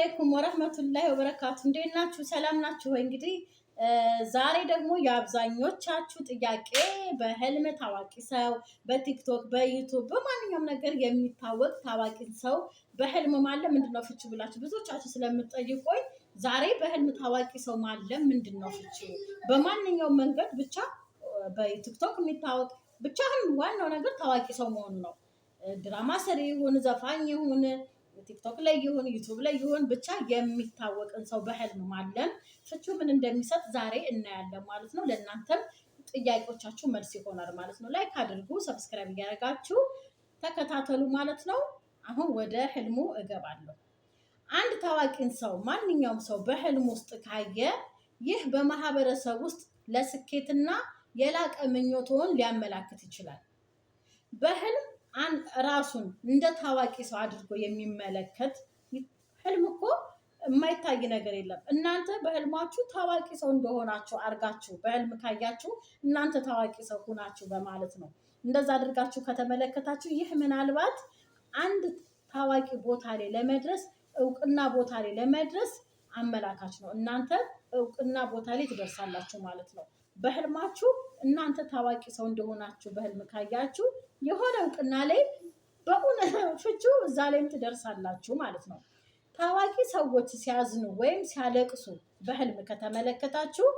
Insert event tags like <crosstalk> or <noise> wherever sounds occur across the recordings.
አሌይኩም ወረህመቱላሂ ወበረካቱ እንዴት ናችሁ? ሰላም ናችሁ ወይ? እንግዲህ ዛሬ ደግሞ የአብዛኞቻችሁ ጥያቄ በህልም ታዋቂ ሰው በቲክቶክ በዩቱብ በማንኛውም ነገር የሚታወቅ ታዋቂ ሰው በህልም ማለም ምንድን ነው ፍቺው ብላችሁ ብዙዎቻችሁ ስለምትጠይቁኝ ዛሬ በህልም ታዋቂ ሰው ማለም ምንድን ነው ፍቺው? በማንኛውም መንገድ ብቻ በቲክቶክ የሚታወቅ ብቻ ዋናው ነገር ታዋቂ ሰው መሆኑ ነው። ድራማ ሰሪ ይሁን ዘፋኝ ይሁን ቲክቶክ ላይ ይሁን ዩቱብ ላይ ይሁን ብቻ የሚታወቅን ሰው በህልም ማለም ፍቹ ምን እንደሚሰጥ ዛሬ እናያለን ማለት ነው። ለእናንተም ጥያቄዎቻችሁ መልስ ይሆናል ማለት ነው። ላይክ አድርጉ፣ ሰብስክራይብ እያደረጋችሁ ተከታተሉ ማለት ነው። አሁን ወደ ህልሙ እገባለሁ። አንድ ታዋቂን ሰው ማንኛውም ሰው በህልም ውስጥ ካየ ይህ በማህበረሰብ ውስጥ ለስኬትና የላቀ ምኞትዎን ሊያመላክት ይችላል። በህልም ራሱን እንደ ታዋቂ ሰው አድርጎ የሚመለከት ህልም እኮ የማይታይ ነገር የለም። እናንተ በህልማችሁ ታዋቂ ሰው እንደሆናችሁ አድርጋችሁ በህልም ካያችሁ እናንተ ታዋቂ ሰው ሆናችሁ በማለት ነው። እንደዛ አድርጋችሁ ከተመለከታችሁ ይህ ምናልባት አንድ ታዋቂ ቦታ ላይ ለመድረስ እውቅና ቦታ ላይ ለመድረስ አመላካች ነው። እናንተ እውቅና ቦታ ላይ ትደርሳላችሁ ማለት ነው። በህልማችሁ እናንተ ታዋቂ ሰው እንደሆናችሁ በህልም ካያችሁ የሆነ እውቅና ላይ በእውነት ፍቹ እዛ ላይም ትደርሳላችሁ ማለት ነው። ታዋቂ ሰዎች ሲያዝኑ ወይም ሲያለቅሱ በህልም ከተመለከታችሁ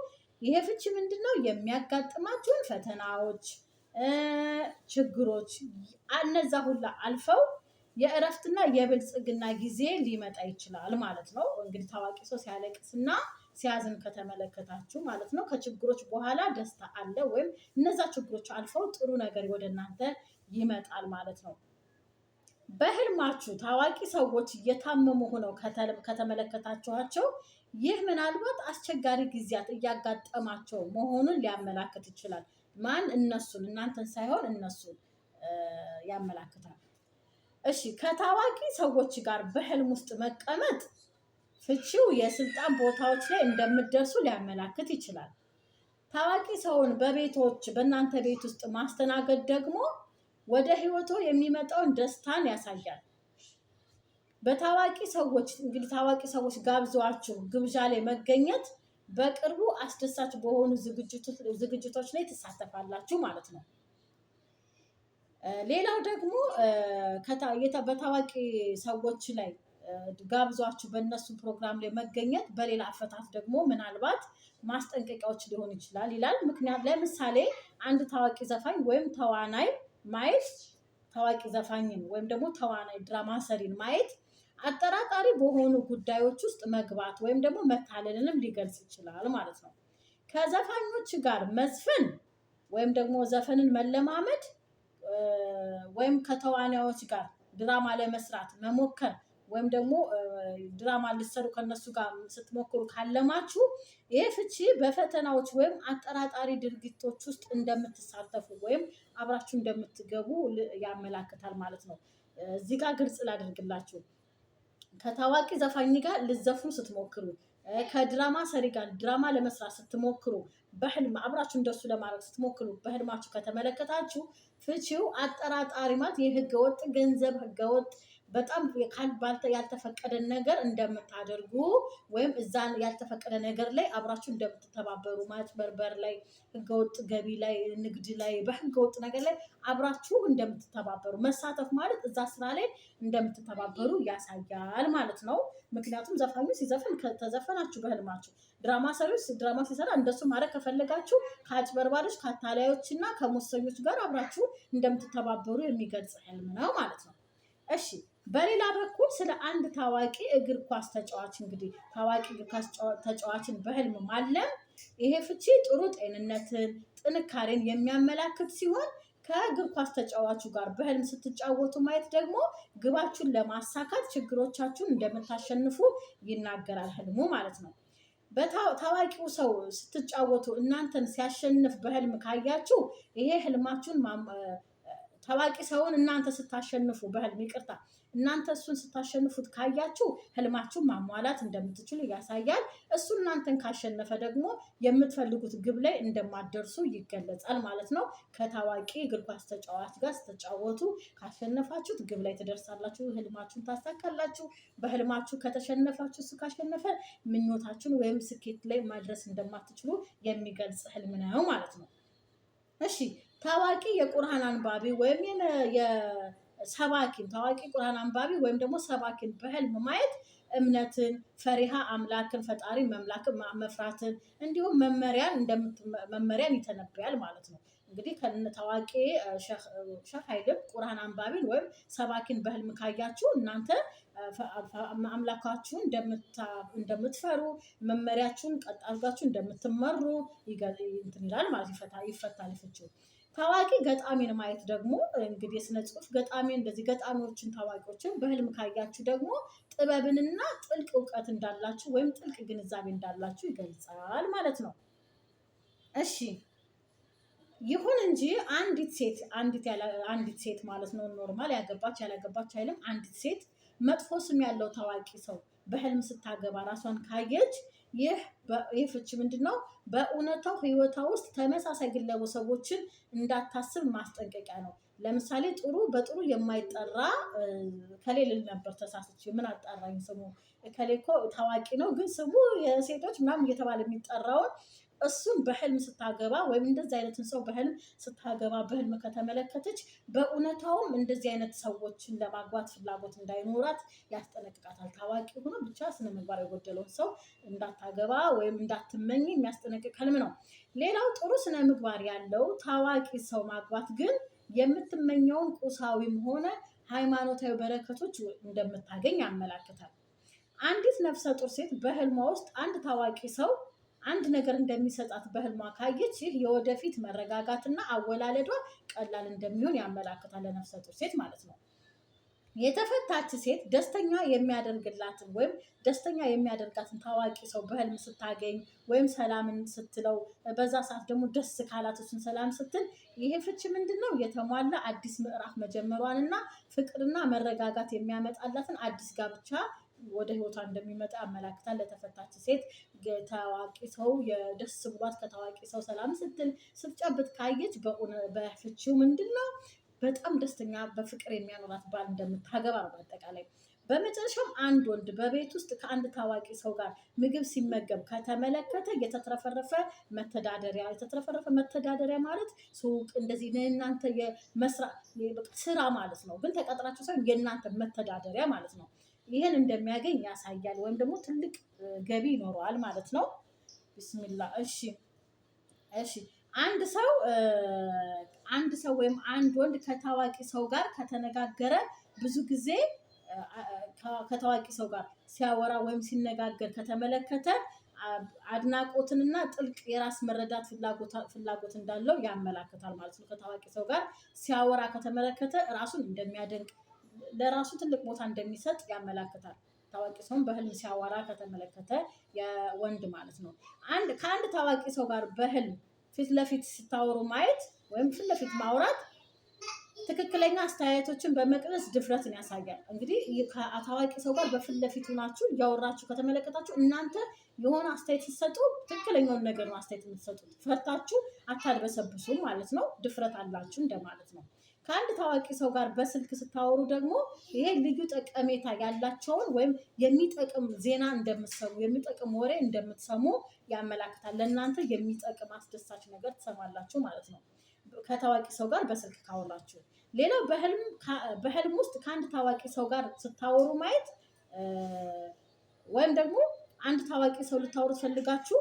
ይሄ ፍቺ ምንድን ነው? የሚያጋጥማችሁን ፈተናዎች፣ ችግሮች እነዛ ሁላ አልፈው የእረፍትና የብልጽግና ጊዜ ሊመጣ ይችላል ማለት ነው። እንግዲህ ታዋቂ ሰው ሲያለቅስና ሲያዝን ከተመለከታችሁ ማለት ነው። ከችግሮች በኋላ ደስታ አለ ወይም እነዛ ችግሮች አልፈው ጥሩ ነገር ወደ እናንተ ይመጣል ማለት ነው። በህልማችሁ ታዋቂ ሰዎች እየታመሙ ሆነው ከተመለከታችኋቸው ይህ ምናልባት አስቸጋሪ ጊዜያት እያጋጠማቸው መሆኑን ሊያመላክት ይችላል። ማን? እነሱን፣ እናንተን ሳይሆን እነሱን ያመላክታል። እሺ፣ ከታዋቂ ሰዎች ጋር በህልም ውስጥ መቀመጥ ፍቺው የስልጣን ቦታዎች ላይ እንደምደርሱ ሊያመላክት ይችላል። ታዋቂ ሰውን በቤቶች በእናንተ ቤት ውስጥ ማስተናገድ ደግሞ ወደ ህይወቶ የሚመጣውን ደስታን ያሳያል። በታዋቂ ሰዎች እንግዲህ ታዋቂ ሰዎች ጋብዘዋችሁ ግብዣ ላይ መገኘት በቅርቡ አስደሳች በሆኑ ዝግጅቶች ላይ ትሳተፋላችሁ ማለት ነው። ሌላው ደግሞ በታዋቂ ሰዎች ላይ ጋብዟችሁ በእነሱ ፕሮግራም ላይ መገኘት በሌላ አፈታት ደግሞ ምናልባት ማስጠንቀቂያዎች ሊሆን ይችላል ይላል። ምክንያት ለምሳሌ አንድ ታዋቂ ዘፋኝ ወይም ተዋናይ ማየት ታዋቂ ዘፋኝን ወይም ደግሞ ተዋናይ ድራማ ሰሪን ማየት አጠራጣሪ በሆኑ ጉዳዮች ውስጥ መግባት ወይም ደግሞ መታለልንም ሊገልጽ ይችላል ማለት ነው። ከዘፋኞች ጋር መዝፈን ወይም ደግሞ ዘፈንን መለማመድ ወይም ከተዋናዮች ጋር ድራማ ለመስራት መሞከር ወይም ደግሞ ድራማ ልትሰሩ ከነሱ ጋር ስትሞክሩ ካለማችሁ ይህ ፍቺ በፈተናዎች ወይም አጠራጣሪ ድርጊቶች ውስጥ እንደምትሳተፉ ወይም አብራችሁ እንደምትገቡ ያመላክታል ማለት ነው። እዚህ ጋር ግልጽ ላደርግላችሁ፣ ከታዋቂ ዘፋኝ ጋር ልዘፍኑ ስትሞክሩ፣ ከድራማ ሰሪ ጋር ድራማ ለመስራት ስትሞክሩ፣ በህልም አብራችሁ እንደሱ ለማድረግ ስትሞክሩ፣ በህልማችሁ ከተመለከታችሁ ፍቺው አጠራጣሪ ማለት የህገወጥ ገንዘብ ህገወጥ በጣም ያልተፈቀደ ነገር እንደምታደርጉ ወይም እዛ ያልተፈቀደ ነገር ላይ አብራችሁ እንደምትተባበሩ ማጭበርበር ላይ፣ ህገወጥ ገቢ ላይ፣ ንግድ ላይ፣ በህገወጥ ነገር ላይ አብራችሁ እንደምትተባበሩ መሳተፍ ማለት እዛ ስራ ላይ እንደምትተባበሩ ያሳያል ማለት ነው። ምክንያቱም ዘፋኙ ሲዘፍን ተዘፈናችሁ በህልማችሁ ድራማ ሰሪዎች ድራማ ሲሰራ እንደሱ ማድረግ ከፈለጋችሁ ከአጭበርባሪዎች ከአታላዮች እና ከሞሰኞች ጋር አብራችሁ እንደምትተባበሩ የሚገልጽ ህልም ነው ማለት ነው። እሺ በሌላ በኩል ስለ አንድ ታዋቂ እግር ኳስ ተጫዋች እንግዲህ ታዋቂ እግር ኳስ ተጫዋችን በህልም ማለም ይሄ ፍቺ ጥሩ ጤንነትን፣ ጥንካሬን የሚያመላክት ሲሆን ከእግር ኳስ ተጫዋቹ ጋር በህልም ስትጫወቱ ማየት ደግሞ ግባችሁን ለማሳካት ችግሮቻችሁን እንደምታሸንፉ ይናገራል ህልሙ ማለት ነው። በታዋቂው ሰው ስትጫወቱ እናንተን ሲያሸንፍ በህልም ካያችሁ ይሄ ህልማችሁን ታዋቂ ሰውን እናንተ ስታሸንፉ በህልም ይቅርታ፣ እናንተ እሱን ስታሸንፉት ካያችሁ ህልማችሁ ማሟላት እንደምትችሉ ያሳያል። እሱ እናንተን ካሸነፈ ደግሞ የምትፈልጉት ግብ ላይ እንደማደርሱ ይገለጻል ማለት ነው። ከታዋቂ እግር ኳስ ተጫዋች ጋር ስትጫወቱ ካሸነፋችሁት ግብ ላይ ትደርሳላችሁ፣ ህልማችሁን ታሳካላችሁ። በህልማችሁ ከተሸነፋችሁ እሱ ካሸነፈ ምኞታችሁን ወይም ስኬት ላይ ማድረስ እንደማትችሉ የሚገልጽ ህልም ነው ማለት ነው። እሺ ታዋቂ የቁርአን አንባቢ ወይም ሰባኪን ታዋቂ ቁርአን አንባቢ ወይም ደግሞ ሰባኪን በህልም ማየት እምነትን፣ ፈሪሃ አምላክን፣ ፈጣሪ መምላክን መፍራትን እንዲሁም መመሪያን መመሪያን ይተነብያል ማለት ነው። እንግዲህ ታዋቂ ሸህ ሀይልም ቁርአን አንባቢን ወይም ሰባኪን በህልም ካያችሁ እናንተ አምላካችሁን እንደምትፈሩ መመሪያችሁን ቀጥ አድርጋችሁ እንደምትመሩ ይላል ማለት ይፈታል ይፈታል ታዋቂ ገጣሚን ማየት ደግሞ እንግዲህ የስነ ጽሁፍ ገጣሚ እንደዚህ ገጣሚዎችን ታዋቂዎችን በህልም ካያችሁ ደግሞ ጥበብንና ጥልቅ እውቀት እንዳላችሁ ወይም ጥልቅ ግንዛቤ እንዳላችሁ ይገልጻል ማለት ነው። እሺ ይሁን እንጂ አንዲት ሴት አንዲት አንዲት ሴት ማለት ነው ኖርማል ያገባች ያላገባች አይልም። አንዲት ሴት መጥፎ ስም ያለው ታዋቂ ሰው በህልም ስታገባ ራሷን ካየች ይህ ይህ ፍቺ ምንድን ነው? በእውነታው ህይወቷ ውስጥ ተመሳሳይ ግለቡ ሰዎችን እንዳታስብ ማስጠንቀቂያ ነው። ለምሳሌ ጥሩ በጥሩ የማይጠራ ከሌ ልል ነበር ተሳስቼ ምን አጣራኝ ስሙ ከሌ እኮ ታዋቂ ነው ግን ስሙ የሴቶች ምናምን እየተባለ የሚጠራውን እሱን በህልም ስታገባ ወይም እንደዚህ አይነትን ሰው በህልም ስታገባ በህልም ከተመለከተች በእውነታውም እንደዚህ አይነት ሰዎችን ለማግባት ፍላጎት እንዳይኖራት ያስጠነቅቃታል። ታዋቂ ሆኖ ብቻ ስነ ምግባር የጎደለውን ሰው እንዳታገባ ወይም እንዳትመኝ የሚያስጠነቅቅ ህልም ነው። ሌላው ጥሩ ስነ ምግባር ያለው ታዋቂ ሰው ማግባት ግን የምትመኘውን ቁሳዊም ሆነ ሃይማኖታዊ በረከቶች እንደምታገኝ ያመላክታል። አንዲት ነፍሰ ጡር ሴት በህልሟ ውስጥ አንድ ታዋቂ ሰው አንድ ነገር እንደሚሰጣት በህልሟ ካየች ይህ የወደፊት መረጋጋትና አወላለዷ ቀላል እንደሚሆን ያመላክታል። ለነፍሰ ጡር ሴት ማለት ነው። የተፈታች ሴት ደስተኛ የሚያደርግላትን ወይም ደስተኛ የሚያደርጋትን ታዋቂ ሰው በህልም ስታገኝ ወይም ሰላምን ስትለው በዛ ሰዓት ደግሞ ደስ ካላት ሰላም ስትል ይሄ ፍቺ ምንድን ነው? የተሟላ አዲስ ምዕራፍ መጀመሯንና ፍቅርና መረጋጋት የሚያመጣላትን አዲስ ጋብቻ ወደ ህይወቷ እንደሚመጣ ያመላክታል። ለተፈታች ሴት ታዋቂ ሰው የደስ ብሏት ከታዋቂ ሰው ሰላም ስትል ስትጨብጥ ካየች በፍቺው ምንድን ነው በጣም ደስተኛ በፍቅር የሚያኖራት ባል እንደምታገባ ነው። በአጠቃላይ በመጨረሻም አንድ ወንድ በቤት ውስጥ ከአንድ ታዋቂ ሰው ጋር ምግብ ሲመገብ ከተመለከተ የተትረፈረፈ መተዳደሪያ የተትረፈረፈ መተዳደሪያ ማለት ሱቅ እንደዚህ እናንተ የመስራ ስራ ማለት ነው። ግን ተቀጥራችሁ ሳይሆን የእናንተ መተዳደሪያ ማለት ነው። ይህን እንደሚያገኝ ያሳያል፣ ወይም ደግሞ ትልቅ ገቢ ይኖረዋል ማለት ነው። ቢስሚላ እሺ፣ እሺ። አንድ ሰው አንድ ሰው ወይም አንድ ወንድ ከታዋቂ ሰው ጋር ከተነጋገረ ብዙ ጊዜ ከታዋቂ ሰው ጋር ሲያወራ ወይም ሲነጋገር ከተመለከተ አድናቆትንና ጥልቅ የራስ መረዳት ፍላጎት እንዳለው ያመላክታል ማለት ነው። ከታዋቂ ሰው ጋር ሲያወራ ከተመለከተ ራሱን እንደሚያደንቅ ለራሱ ትልቅ ቦታ እንደሚሰጥ ያመላክታል። ታዋቂ ሰውን በህልም ሲያወራ ከተመለከተ የወንድ ማለት ነው። አንድ ከአንድ ታዋቂ ሰው ጋር በህልም ፊት ለፊት ስታወሩ ማየት ወይም ፊት ለፊት ማውራት ትክክለኛ አስተያየቶችን በመቅረጽ ድፍረትን ያሳያል። እንግዲህ ከታዋቂ ሰው ጋር በፊት ለፊቱ ናችሁ እያወራችሁ ከተመለከታችሁ እናንተ የሆነ አስተያየት ሲሰጡ ትክክለኛውን ነገር ነው አስተያየት የምትሰጡት። ፈርታችሁ አታድበሰብሱም ማለት ነው። ድፍረት አላችሁ እንደማለት ነው። ከአንድ ታዋቂ ሰው ጋር በስልክ ስታወሩ ደግሞ ይሄ ልዩ ጠቀሜታ ያላቸውን ወይም የሚጠቅም ዜና እንደምትሰሙ የሚጠቅም ወሬ እንደምትሰሙ ያመላክታል። ለእናንተ የሚጠቅም አስደሳች ነገር ትሰማላችሁ ማለት ነው፣ ከታዋቂ ሰው ጋር በስልክ ካወራችሁ። ሌላው በህልም ውስጥ ከአንድ ታዋቂ ሰው ጋር ስታወሩ ማየት ወይም ደግሞ አንድ ታዋቂ ሰው ልታወሩ ፈልጋችሁ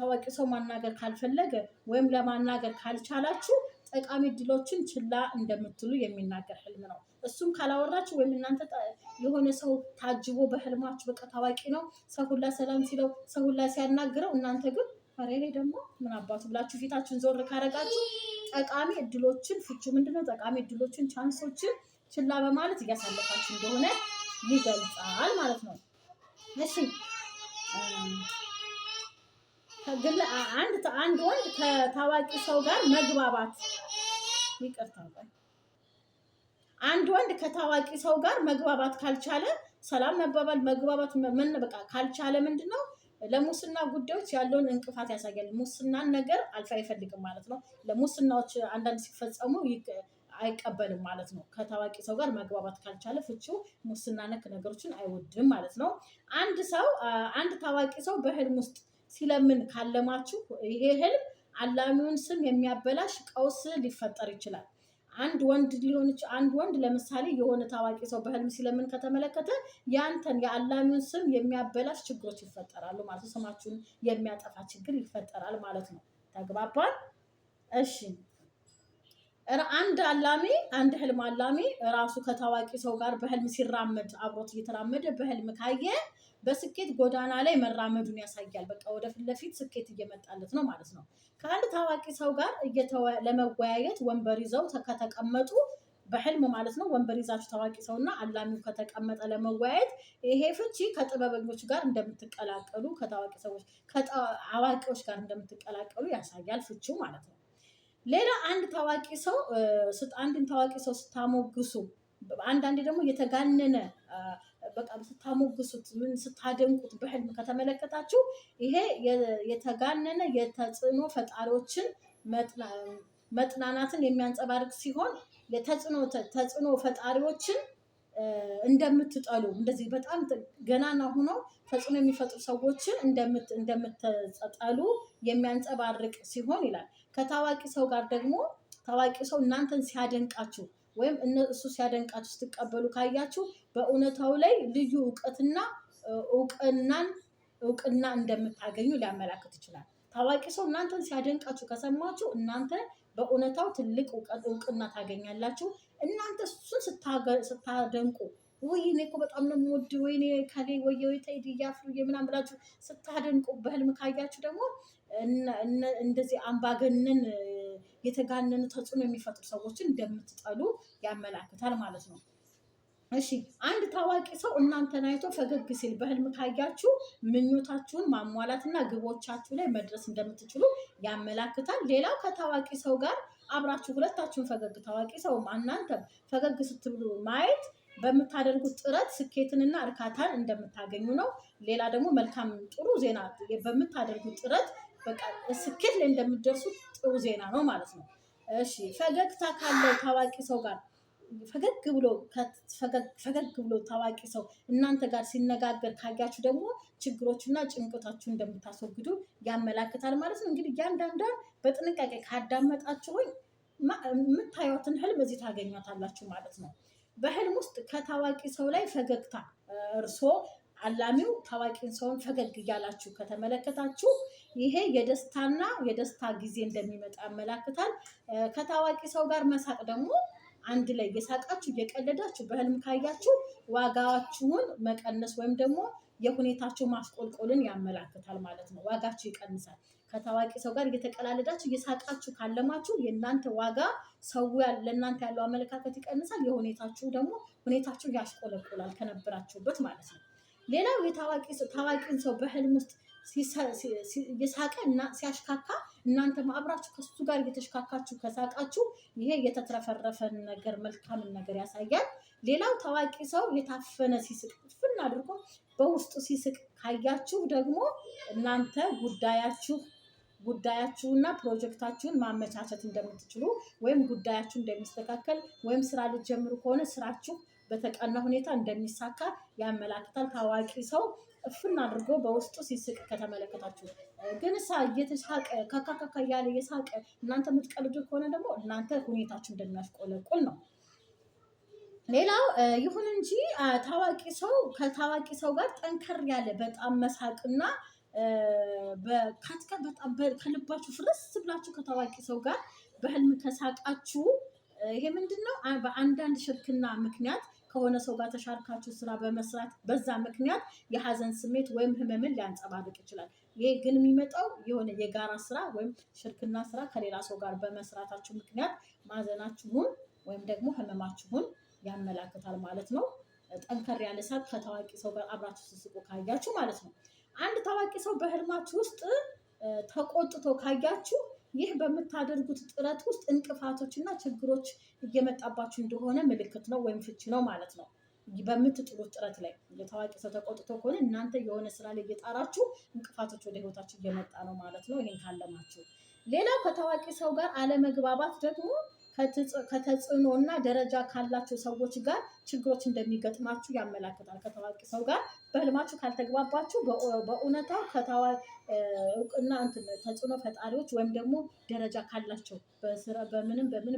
ታዋቂ ሰው ማናገር ካልፈለገ ወይም ለማናገር ካልቻላችሁ ጠቃሚ እድሎችን ችላ እንደምትሉ የሚናገር ህልም ነው። እሱም ካላወራችሁ ወይም እናንተ የሆነ ሰው ታጅቦ በህልማችሁ በቃ ታዋቂ ነው ሰው ሁላ ሰላም ሲለው ሰው ሁላ ሲያናግረው እናንተ ግን ፈሬሬ ደግሞ ምን አባቱ ብላችሁ ፊታችሁን ዞር ካረጋችሁ ጠቃሚ እድሎችን ፍቹ ምንድነው? ጠቃሚ እድሎችን ቻንሶችን ችላ በማለት እያሳለፋችሁ እንደሆነ ይገልጻል ማለት ነው። እሺ አንድ አንድ ወንድ ከታዋቂ ሰው ጋር መግባባት ይቅርታ፣ አንድ ወንድ ከታዋቂ ሰው ጋር መግባባት ካልቻለ ሰላም መባባል መግባባት ምን በቃ ካልቻለ ምንድን ነው ለሙስና ጉዳዮች ያለውን እንቅፋት ያሳያል። ሙስናን ነገር አልፋ አይፈልግም ማለት ነው። ለሙስናዎች አንዳንድ ሲፈጸሙ አይቀበልም ማለት ነው። ከታዋቂ ሰው ጋር መግባባት ካልቻለ ፍቺው ሙስና ነክ ነገሮችን አይወድም ማለት ነው። አንድ ሰው አንድ ታዋቂ ሰው በህልም ውስጥ ሲለምን ካለማችሁ ይሄ ህልም አላሚውን ስም የሚያበላሽ ቀውስ ሊፈጠር ይችላል። አንድ ወንድ ሊሆን አንድ ወንድ ለምሳሌ የሆነ ታዋቂ ሰው በህልም ሲለምን ከተመለከተ ያንተን የአላሚውን ስም የሚያበላሽ ችግሮች ይፈጠራሉ ማለት ነው። ስማችሁን የሚያጠፋ ችግር ይፈጠራል ማለት ነው። ተግባባል? እሺ። አንድ አላሚ አንድ ህልም አላሚ ራሱ ከታዋቂ ሰው ጋር በህልም ሲራመድ አብሮት እየተራመደ በህልም ካየ በስኬት ጎዳና ላይ መራመዱን ያሳያል። በቃ ወደፊት ለፊት ስኬት እየመጣለት ነው ማለት ነው። ከአንድ ታዋቂ ሰው ጋር ለመወያየት ወንበር ይዘው ከተቀመጡ በህልም ማለት ነው። ወንበር ይዛችሁ ታዋቂ ሰውና አላሚው ከተቀመጠ ለመወያየት ይሄ ፍቺ ከጥበበኞች ጋር እንደምትቀላቀሉ ከታዋቂ ሰዎች አዋቂዎች ጋር እንደምትቀላቀሉ ያሳያል ፍቺው ማለት ነው። ሌላ አንድ ታዋቂ ሰው አንድን ታዋቂ ሰው ስታሞግሱ፣ አንዳንዴ ደግሞ የተጋነነ በጣም ስታሞግሱት ምን ስታደንቁት በህልም ከተመለከታችሁ ይሄ የተጋነነ የተጽዕኖ ፈጣሪዎችን መጥናናትን የሚያንጸባርቅ ሲሆን ተጽዕኖ ፈጣሪዎችን እንደምትጠሉ እንደዚህ በጣም ገናና ሆኖ ተጽዕኖ የሚፈጥሩ ሰዎችን እንደምትጠሉ የሚያንጸባርቅ ሲሆን ይላል። ከታዋቂ ሰው ጋር ደግሞ ታዋቂ ሰው እናንተን ሲያደንቃችሁ ወይም እሱ ሲያደንቃችሁ ስትቀበሉ ካያችሁ በእውነታው ላይ ልዩ እውቀትና እውቅናን እውቅና እንደምታገኙ ሊያመላክት ይችላል። ታዋቂ ሰው እናንተን ሲያደንቃችሁ ከሰማችሁ እናንተ በእውነታው ትልቅ እውቅና ታገኛላችሁ። እናንተ እሱን ስታደንቁ ወይ እኔ እኮ በጣም ነው የምወድ ወይ ከሌ ወይ ወይ ተይድ እያፍሩ የምናምን ብላችሁ ስታደንቁ በህልም ካያችሁ ደግሞ እንደዚህ አምባገነን የተጋነነ ተጽዕኖ የሚፈጥሩ ሰዎችን እንደምትጠሉ ያመላክታል ማለት ነው። እሺ አንድ ታዋቂ ሰው እናንተን አይቶ ፈገግ ሲል በህልም ካያችሁ ምኞታችሁን ማሟላትና ግቦቻችሁ ላይ መድረስ እንደምትችሉ ያመላክታል። ሌላው ከታዋቂ ሰው ጋር አብራችሁ ሁለታችሁን ፈገግ ታዋቂ ሰው እናንተም ፈገግ ስትብሉ ማየት በምታደርጉት ጥረት ስኬትንና እርካታን እንደምታገኙ ነው። ሌላ ደግሞ መልካም ጥሩ ዜና በምታደርጉት ጥረት በቃ ስኬት ላይ እንደምደርሱ ጥሩ ዜና ነው ማለት ነው። እሺ ፈገግታ ካለው ታዋቂ ሰው ጋር ፈገግ ብሎ ፈገግ ብሎ ታዋቂ ሰው እናንተ ጋር ሲነጋገር ካያችሁ ደግሞ ችግሮችና ጭንቀታችሁ እንደምታስወግዱ ያመላክታል ማለት ነው። እንግዲህ እያንዳንዷን በጥንቃቄ ካዳመጣችሁኝ የምታዩትን ህልም እዚህ ታገኛታላችሁ ማለት ነው። በህልም ውስጥ ከታዋቂ ሰው ላይ ፈገግታ እርሶ አላሚው ታዋቂን ሰውን ፈገግ እያላችሁ ከተመለከታችሁ ይሄ የደስታና የደስታ ጊዜ እንደሚመጣ ያመላክታል። ከታዋቂ ሰው ጋር መሳቅ ደግሞ አንድ ላይ እየሳቃችሁ እየቀለዳችሁ በህልም ካያችሁ ዋጋችሁን መቀነስ ወይም ደግሞ የሁኔታችሁ ማስቆልቆልን ያመላክታል ማለት ነው። ዋጋችሁ ይቀንሳል። ከታዋቂ ሰው ጋር እየተቀላለዳችሁ እየሳቃችሁ ካለማችሁ የእናንተ ዋጋ ሰው ለእናንተ ያለው አመለካከት ይቀንሳል። የሁኔታችሁ ደግሞ ሁኔታችሁ ያሽቆለቆላል ከነበራችሁበት ማለት ነው። ሌላው የታዋቂ ታዋቂን ሰው በህልም ውስጥ የሳቀ እና ሲያሽካካ እናንተ አብራችሁ ከሱ ጋር እየተሽካካችሁ ከሳቃችሁ ይሄ የተትረፈረፈን ነገር መልካምን ነገር ያሳያል። ሌላው ታዋቂ ሰው የታፈነ ሲስቅ ፍን አድርጎ በውስጡ ሲስቅ ካያችሁ ደግሞ እናንተ ጉዳያችሁ ጉዳያችሁና ፕሮጀክታችሁን ማመቻቸት እንደምትችሉ ወይም ጉዳያችሁ እንደሚስተካከል ወይም ስራ ልትጀምሩ ከሆነ ስራችሁ በተቃና ሁኔታ እንደሚሳካ ያመላክታል። ታዋቂ ሰው እፍን አድርጎ በውስጡ ሲስቅ ከተመለከታችሁ ግን ሳ እየተሳቀ ካካካካ እያለ የሳቀ እናንተ የምትቀልዱ ከሆነ ደግሞ እናንተ ሁኔታችሁ እንደሚያሽቆለቁል ነው። ሌላው ይሁን እንጂ ታዋቂ ሰው ከታዋቂ ሰው ጋር ጠንከር ያለ በጣም መሳቅና በካትከ በጣም ከልባችሁ ፍርስ ብላችሁ ከታዋቂ ሰው ጋር በህልም ከሳቃችሁ ይሄ ምንድን ነው? በአንዳንድ ሽርክና ምክንያት ከሆነ ሰው ጋር ተሻርካችሁ ስራ በመስራት በዛ ምክንያት የሀዘን ስሜት ወይም ህመምን ሊያንጸባርቅ ይችላል። ይሄ ግን የሚመጣው የሆነ የጋራ ስራ ወይም ሽርክና ስራ ከሌላ ሰው ጋር በመስራታችሁ ምክንያት ማዘናችሁን ወይም ደግሞ ህመማችሁን ያመላክታል ማለት ነው። ጠንከር ያለ ሳቅ ከታዋቂ ሰው ጋር አብራችሁ ስስቁ ካያችሁ ማለት ነው። አንድ ታዋቂ ሰው በህልማችሁ ውስጥ ተቆጥቶ ካያችሁ ይህ በምታደርጉት ጥረት ውስጥ እንቅፋቶች እና ችግሮች እየመጣባችሁ እንደሆነ ምልክት ነው ወይም ፍቺ ነው ማለት ነው። በምትጥሩት ጥረት ላይ ታዋቂ ሰው ተቆጥቶ ከሆነ እናንተ የሆነ ስራ ላይ እየጣራችሁ እንቅፋቶች ወደ ህይወታችሁ እየመጣ ነው ማለት ነው። ይህን ካለማችሁ ሌላው ከታዋቂ ሰው ጋር አለመግባባት ደግሞ ከተጽዕኖ እና ደረጃ ካላቸው ሰዎች ጋር ችግሮች እንደሚገጥማችሁ ያመላክታል። ከታዋቂ ሰው ጋር በህልማችሁ ካልተግባባችሁ በእውነታ እውቅና ተጽዕኖ ፈጣሪዎች ወይም ደግሞ ደረጃ ካላቸው በምንም በምን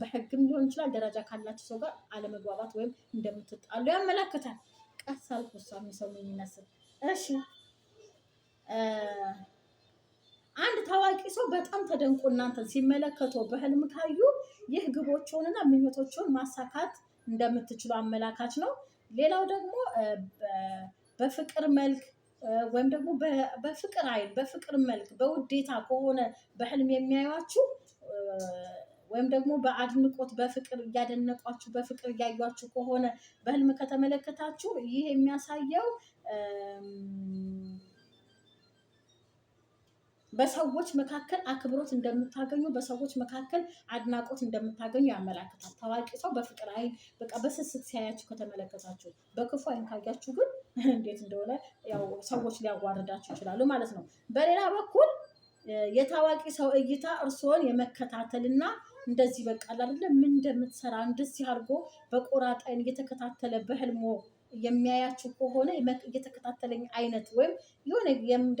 በህግም ሊሆን ይችላል ደረጃ ካላቸው ሰው ጋር አለመግባባት ወይም እንደምትጣሉ ያመላክታል። ቀስ ሰው ነው ይመስል እሺ አንድ ታዋቂ ሰው በጣም ተደንቆ እናንተ ሲመለከተው በህልም ካዩ ይህ ግቦችንና ምኞቶችን ማሳካት እንደምትችሉ አመላካች ነው። ሌላው ደግሞ በፍቅር መልክ ወይም ደግሞ በፍቅር አይን በፍቅር መልክ በውዴታ ከሆነ በህልም የሚያዩችሁ ወይም ደግሞ በአድንቆት በፍቅር እያደነቋችሁ በፍቅር እያዩችሁ ከሆነ በህልም ከተመለከታችሁ ይህ የሚያሳየው በሰዎች መካከል አክብሮት እንደምታገኙ በሰዎች መካከል አድናቆት እንደምታገኙ ያመላክታል። ታዋቂ ሰው በፍቅር አይን በቃ በስስት ሲያያችሁ ከተመለከታችሁ፣ በክፉ አይን ካያችሁ ግን <laughs> እንዴት እንደሆነ ያው ሰዎች ሊያዋርዳችሁ ይችላሉ ማለት ነው። በሌላ በኩል የታዋቂ ሰው እይታ እርስዎን የመከታተልና እንደዚህ በቃል አይደለ ምን እንደምትሰራ እንደዚህ አድርጎ በቆራጥ አይን እየተከታተለ በህልሞ የሚያያችሁ ከሆነ እየተከታተለኝ አይነት ወይም የሆነ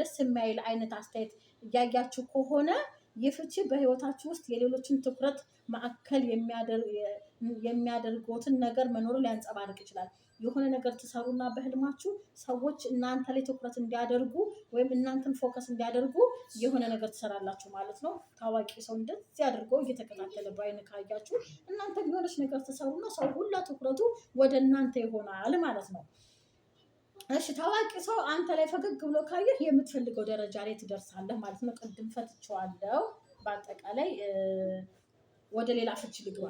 ደስ የሚያይል አይነት አስተያየት እያያችሁ ከሆነ ይህ ፍቺ በህይወታችሁ ውስጥ የሌሎችን ትኩረት ማዕከል የሚያደርጉትን ነገር መኖሩ ሊያንጸባርቅ ይችላል። የሆነ ነገር ትሰሩና በህልማችሁ ሰዎች እናንተ ላይ ትኩረት እንዲያደርጉ ወይም እናንተን ፎከስ እንዲያደርጉ የሆነ ነገር ትሰራላችሁ ማለት ነው። ታዋቂ ሰው እንደዚህ አድርገው እየተከታተለ በአይን ካያችሁ እናንተ የሆነች ነገር ትሰሩና ሰው ሁላ ትኩረቱ ወደ እናንተ ይሆናል ማለት ነው። እሺ ታዋቂ ሰው አንተ ላይ ፈገግ ብሎ ካየህ የምትፈልገው ደረጃ ላይ ትደርሳለህ ማለት ነው። ቅድም ፈትቼዋለሁ። በአጠቃላይ ወደ ሌላ ፍች ልግባ።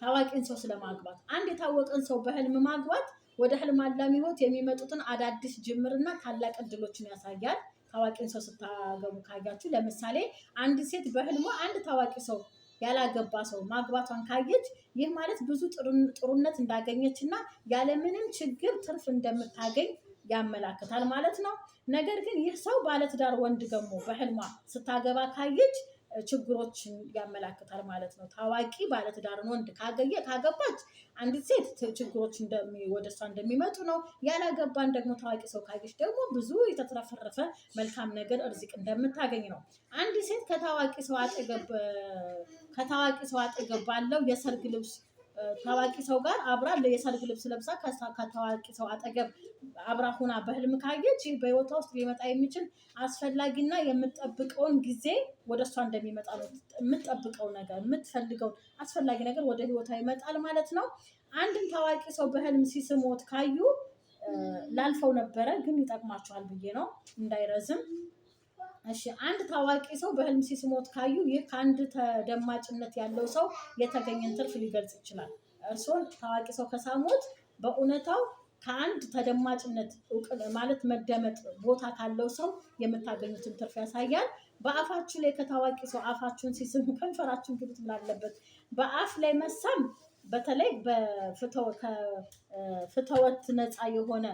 ታዋቂን ሰው ስለማግባት አንድ የታወቀን ሰው በህልም ማግባት ወደ ህልም አላሚ ህይወት የሚመጡትን አዳዲስ ጅምርና ታላቅ እድሎችን ያሳያል። ታዋቂን ሰው ስታገቡ ካያችሁ፣ ለምሳሌ አንድ ሴት በህልሟ አንድ ታዋቂ ሰው ያላገባ ሰው ማግባቷን ካየች ይህ ማለት ብዙ ጥሩነት እንዳገኘች እና ያለምንም ችግር ትርፍ እንደምታገኝ ያመላክታል ማለት ነው። ነገር ግን ይህ ሰው ባለትዳር ወንድ ደግሞ በህልሟ ስታገባ ካየች ችግሮችን ያመላክታል ማለት ነው። ታዋቂ ባለትዳርን ወንድ ካገየ ካገባች አንዲት ሴት ችግሮች ወደ እሷ እንደሚመጡ ነው። ያላገባን ደግሞ ታዋቂ ሰው ካየች ደግሞ ብዙ የተትረፈረፈ መልካም ነገር እርዚቅ እንደምታገኝ ነው። አንዲት ሴት ከታዋቂ ሰው አጠገብ ባለው የሰርግ ልብስ ታዋቂ ሰው ጋር አብራ የሰርግ ልብስ ለብሳ ከታዋቂ ሰው አጠገብ አብራ ሁና በህልም ካየች ይህ በህይወቷ ውስጥ ሊመጣ የሚችል አስፈላጊና የምጠብቀውን ጊዜ ወደ እሷ እንደሚመጣ ነው። የምጠብቀው ነገር የምትፈልገውን አስፈላጊ ነገር ወደ ህይወቷ ይመጣል ማለት ነው። አንድን ታዋቂ ሰው በህልም ሲስሞት ካዩ ላልፈው ነበረ፣ ግን ይጠቅማቸዋል ብዬ ነው እንዳይረዝም እሺ አንድ ታዋቂ ሰው በህልም ሲስሞት ካዩ ይህ ከአንድ ተደማጭነት ያለው ሰው የተገኘን ትርፍ ሊገልጽ ይችላል። እርስዎን ታዋቂ ሰው ከሳሞት በእውነታው ከአንድ ተደማጭነት ማለት መደመጥ ቦታ ካለው ሰው የምታገኙትን ትርፍ ያሳያል። በአፋችሁ ላይ ከታዋቂ ሰው አፋችሁን ሲስሙ ከንፈራችሁን ግሉት ምላለበት በአፍ ላይ መሳም በተለይ በፍትወት ነፃ የሆነ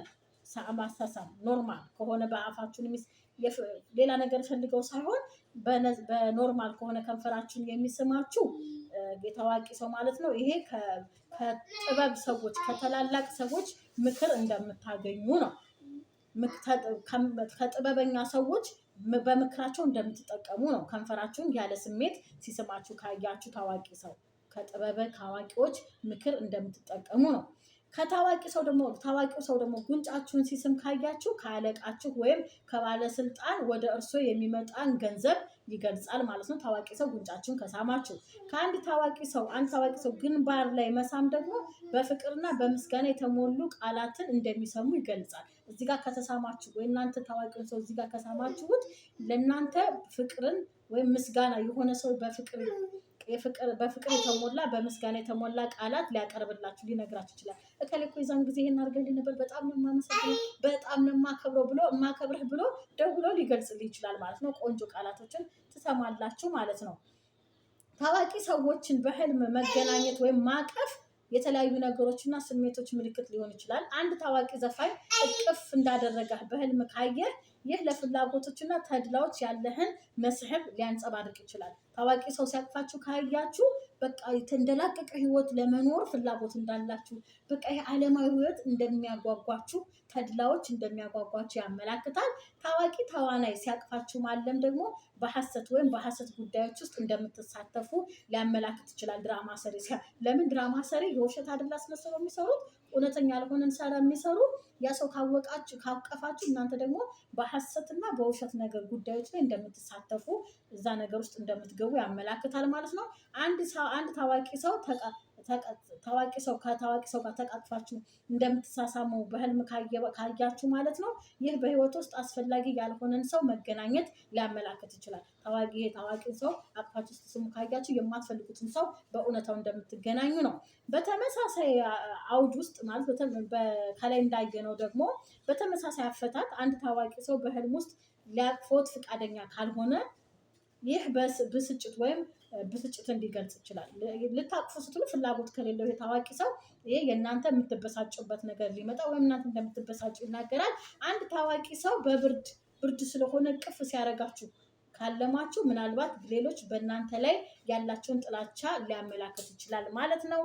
ማሳሳም ኖርማል ከሆነ በአፋችሁን ሌላ ነገር ፈልገው ሳይሆን በኖርማል ከሆነ ከንፈራችን የሚስማችሁ የታዋቂ ሰው ማለት ነው። ይሄ ከጥበብ ሰዎች ከታላላቅ ሰዎች ምክር እንደምታገኙ ነው። ከጥበበኛ ሰዎች በምክራቸው እንደምትጠቀሙ ነው። ከንፈራችሁን ያለ ስሜት ሲስማችሁ ካያችሁ ታዋቂ ሰው ከጥበበ ከአዋቂዎች ምክር እንደምትጠቀሙ ነው። ከታዋቂ ሰው ደግሞ ታዋቂው ሰው ደግሞ ጉንጫችሁን ሲስም ካያችሁ ከአለቃችሁ ወይም ከባለስልጣን ወደ እርሶ የሚመጣን ገንዘብ ይገልጻል ማለት ነው። ታዋቂ ሰው ጉንጫችሁን ከሳማችሁ ከአንድ ታዋቂ ሰው አንድ ታዋቂ ሰው ግንባር ላይ መሳም ደግሞ በፍቅርና በምስጋና የተሞሉ ቃላትን እንደሚሰሙ ይገልጻል። እዚህ ጋር ከተሳማችሁ ወይ እናንተ ታዋቂውን ሰው እዚህ ጋር ከሳማችሁት ለእናንተ ፍቅርን ወይም ምስጋና የሆነ ሰው በፍቅር በፍቅር የተሞላ በምስጋና የተሞላ ቃላት ሊያቀርብላችሁ ሊነግራችሁ ይችላል። እከሌ እኮ የዛን ጊዜ ይሄን አድርገልኝ ነበር፣ በጣም ነው የማመሰግነው፣ በጣም ነው የማከብረው ብሎ የማከብርህ ብሎ ደውሎ ሊገልጽልህ ይችላል ማለት ነው። ቆንጆ ቃላቶችን ትሰማላችሁ ማለት ነው። ታዋቂ ሰዎችን በህልም መገናኘት ወይም ማቀፍ የተለያዩ ነገሮችና ስሜቶች ምልክት ሊሆን ይችላል። አንድ ታዋቂ ዘፋኝ እቅፍ እንዳደረጋህ በህልም ካየህ ይህ ለፍላጎቶችና ተድላዎች ያለህን መስህብ ሊያንጸባርቅ ይችላል። ታዋቂ ሰው ሲያቅፋችሁ ካያችሁ በቃ የተንደላቀቀ ህይወት ለመኖር ፍላጎት እንዳላችሁ፣ በቃ የዓለማዊ ህይወት እንደሚያጓጓችሁ ተድላዎች እንደሚያጓጓቸው ያመላክታል። ታዋቂ ተዋናይ ሲያቅፋችሁ ማለም ደግሞ በሀሰት ወይም በሀሰት ጉዳዮች ውስጥ እንደምትሳተፉ ሊያመላክት ይችላል። ድራማ ሰሪ ለምን ድራማ ሰሪ የውሸት አድላ አስመስለው የሚሰሩት እውነተኛ ያልሆነን ሰራ የሚሰሩ ያ ሰው ካወቃችሁ ካቀፋችሁ እናንተ ደግሞ በሀሰትና በውሸት ነገር ጉዳዮች ላይ እንደምትሳተፉ እዛ ነገር ውስጥ እንደምትገቡ ያመላክታል ማለት ነው። አንድ አንድ ታዋቂ ሰው ታዋቂ ሰው ከታዋቂ ሰው ጋር ተቃጥፋችሁ እንደምትሳሳሙ በህልም ካያችሁ ማለት ነው። ይህ በህይወት ውስጥ አስፈላጊ ያልሆነን ሰው መገናኘት ሊያመላክት ይችላል። ታዋቂ ታዋቂ ሰው አቅፋችሁ ስትስሙ ካያችሁ የማትፈልጉትን ሰው በእውነታው እንደምትገናኙ ነው። በተመሳሳይ አውድ ውስጥ ማለት ከላይ እንዳየነው ደግሞ በተመሳሳይ አፈታት አንድ ታዋቂ ሰው በህልም ውስጥ ሊያቅፎት ፈቃደኛ ካልሆነ ይህ ብስጭት ወይም ብስጭትን ሊገልጽ ይችላል። ልታቅፉ ስትሉ ፍላጎት ከሌለው የታዋቂ ሰው ይሄ የእናንተ የምትበሳጩበት ነገር ሊመጣ ወይም እናንተ እንደምትበሳጩ ይናገራል። አንድ ታዋቂ ሰው በብርድ ብርድ ስለሆነ ቅፍ ሲያደርጋችሁ ካለማችሁ ምናልባት ሌሎች በእናንተ ላይ ያላቸውን ጥላቻ ሊያመላክት ይችላል ማለት ነው።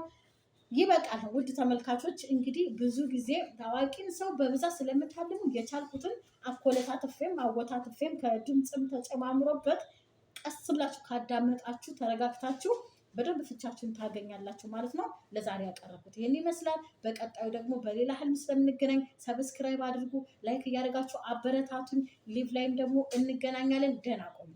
ይበቃል። ውድ ተመልካቾች እንግዲህ ብዙ ጊዜ ታዋቂን ሰው በብዛት ስለምታልሙ የቻልኩትን አኮለታትፌም አወታትፌም ከድምፅም ተጨማምሮበት ቀስ ብላችሁ ካዳመጣችሁ ተረጋግታችሁ በደንብ ፍቻችሁን ታገኛላችሁ ማለት ነው። ለዛሬ ያቀረብኩት ይህን ይመስላል። በቀጣዩ ደግሞ በሌላ ህልም ስለምንገናኝ ሰብስክራይብ አድርጉ፣ ላይክ እያደረጋችሁ አበረታቱን። ሊቭ ላይም ደግሞ እንገናኛለን። ደህና ቆዩ።